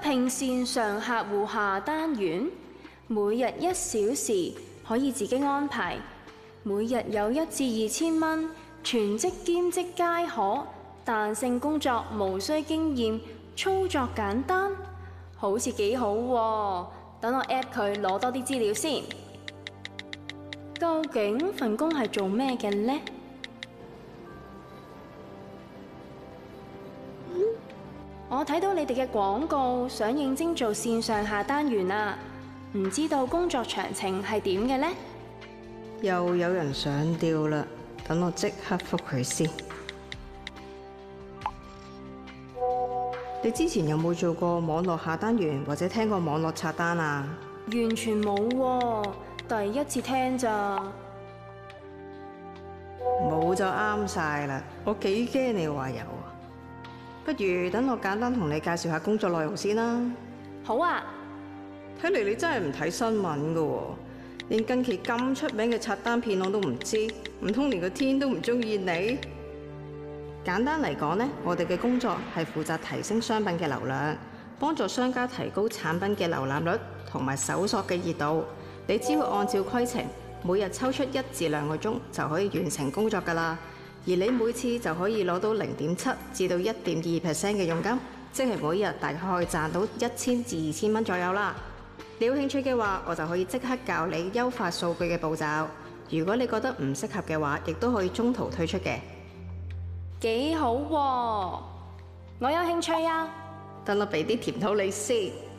平線上客戶下單員，每日一小時可以自己安排，每日有一至二千蚊，全職兼職皆可。彈性工作，無需經驗，操作簡單，好似幾好喎。等我 App 佢攞多啲資料先。究竟份工係做咩嘅呢？我睇到你哋嘅廣告，想應徵做綫上下單員啦，唔知道工作詳情係點嘅呢？又有人上釣啦，等我即刻覆佢先。你之前有冇做過網絡下單員或者聽過網絡刷單啊？完全冇，第一次聽咋？冇就啱晒啦，我幾驚你話有啊！不如等我簡單同你介紹下工作內容先啦。好啊。睇嚟你真係唔睇新聞㗎喎，連近期咁出名嘅刷單騙案都唔知，唔通連個天都唔中意你？簡單嚟講呢，我哋嘅工作係負責提升商品嘅流量，幫助商家提高產品嘅瀏覽率同埋搜索嘅熱度。你只要按照規程，每日抽出一至兩個鐘就可以完成工作㗎啦。而你每次就可以攞到零點七至到一點二 percent 嘅佣金，即係每日大概可以賺到一千至二千蚊左右啦。你有興趣嘅話，我就可以即刻教你優化數據嘅步驟。如果你覺得唔適合嘅話，亦都可以中途退出嘅。幾好喎！我有興趣啊！等我俾啲甜頭你先。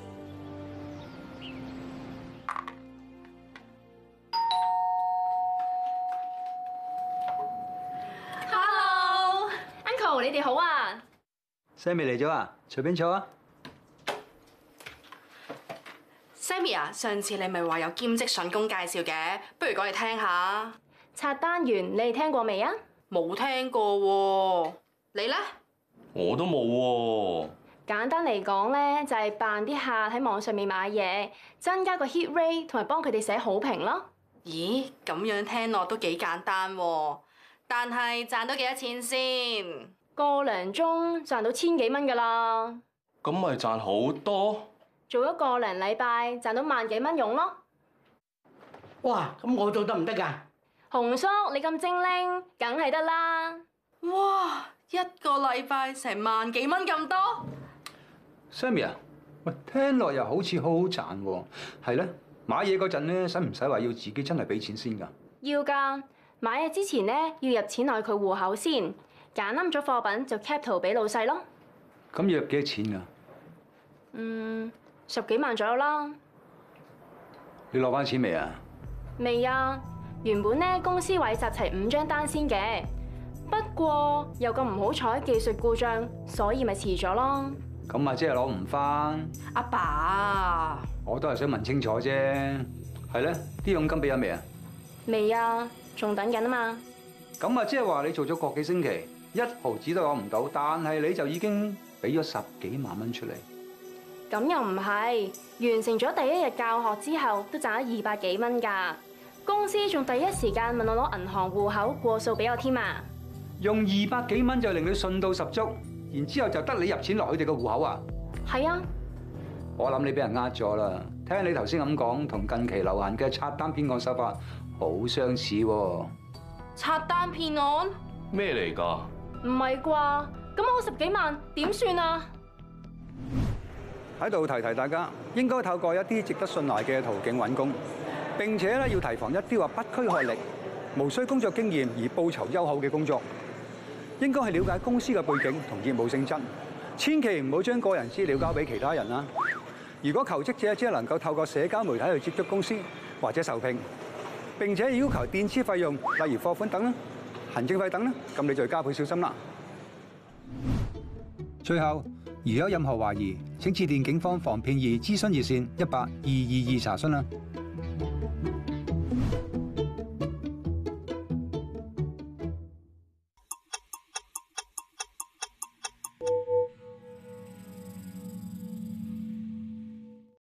你哋好啊，Sammy 嚟咗啊，隨便坐啊。Sammy 啊，上次你咪話有兼職筍工介紹嘅，不如講嚟聽下。刷單員你哋聽過未啊？冇聽過喎。你咧？我都冇喎。簡單嚟講咧，就係扮啲客喺網上面買嘢，增加個 hit rate，同埋幫佢哋寫好評咯。咦，咁樣聽落都幾簡單喎，但係賺到幾多錢先？個零鐘賺到千幾蚊噶啦，咁咪賺好多？做一個零禮拜賺到萬幾蚊佣咯。哇！咁我做得唔得噶？洪叔，你咁精靈梗係得啦。哇！一個禮拜成萬幾蚊咁多，元多，Sammy 啊，喂，聽落又好似好好賺喎。係咧，買嘢嗰陣咧，使唔使話要自己真係俾錢先噶？要噶，買嘢之前咧要入錢落佢戶口先。揀啱咗貨品就 cap 圖俾老細咯。咁約幾多錢㗎？嗯，十幾萬左右啦。你攞翻錢未啊？未啊，原本咧公司委集齊五張單先嘅，不過又咁唔好彩技術故障，所以咪遲咗咯。咁啊，即係攞唔翻。阿爸。我都係想問清楚啫。係咧，啲佣金俾咗未啊？未啊，仲等緊啊嘛。咁啊，即係話你做咗個幾星期。一毫子都攞唔到，但係你就已經俾咗十幾萬蚊出嚟。咁又唔係，完成咗第一日教學之後，都賺咗二百幾蚊噶。公司仲第一時間問我攞銀行戶口過數俾我添啊。用二百幾蚊就令佢信到十足，然之後就得你入錢落佢哋個戶口是啊。係啊。我諗你俾人呃咗啦。聽下你頭先咁講，同近期流行嘅刷單騙案手法好相似喎，啊。刷單騙案咩嚟㗎？什麼唔係啩？咁我十幾萬點算啊？喺度提提大家，應該透過一啲值得信賴嘅途徑揾工，並且咧要提防一啲話不拘學歷、無需工作經驗而報酬優厚嘅工作。應該係了解公司嘅背景同業務性質，千祈唔好將個人資料交俾其他人啦。如果求職者只能夠透過社交媒體去接觸公司或者受聘，並且要求墊資費用，例如貨款等咧。行政費等咧，咁你就加倍小心啦。最後，如果有任何懷疑，請致電警方防騙易諮詢熱線一八二二二查詢啦。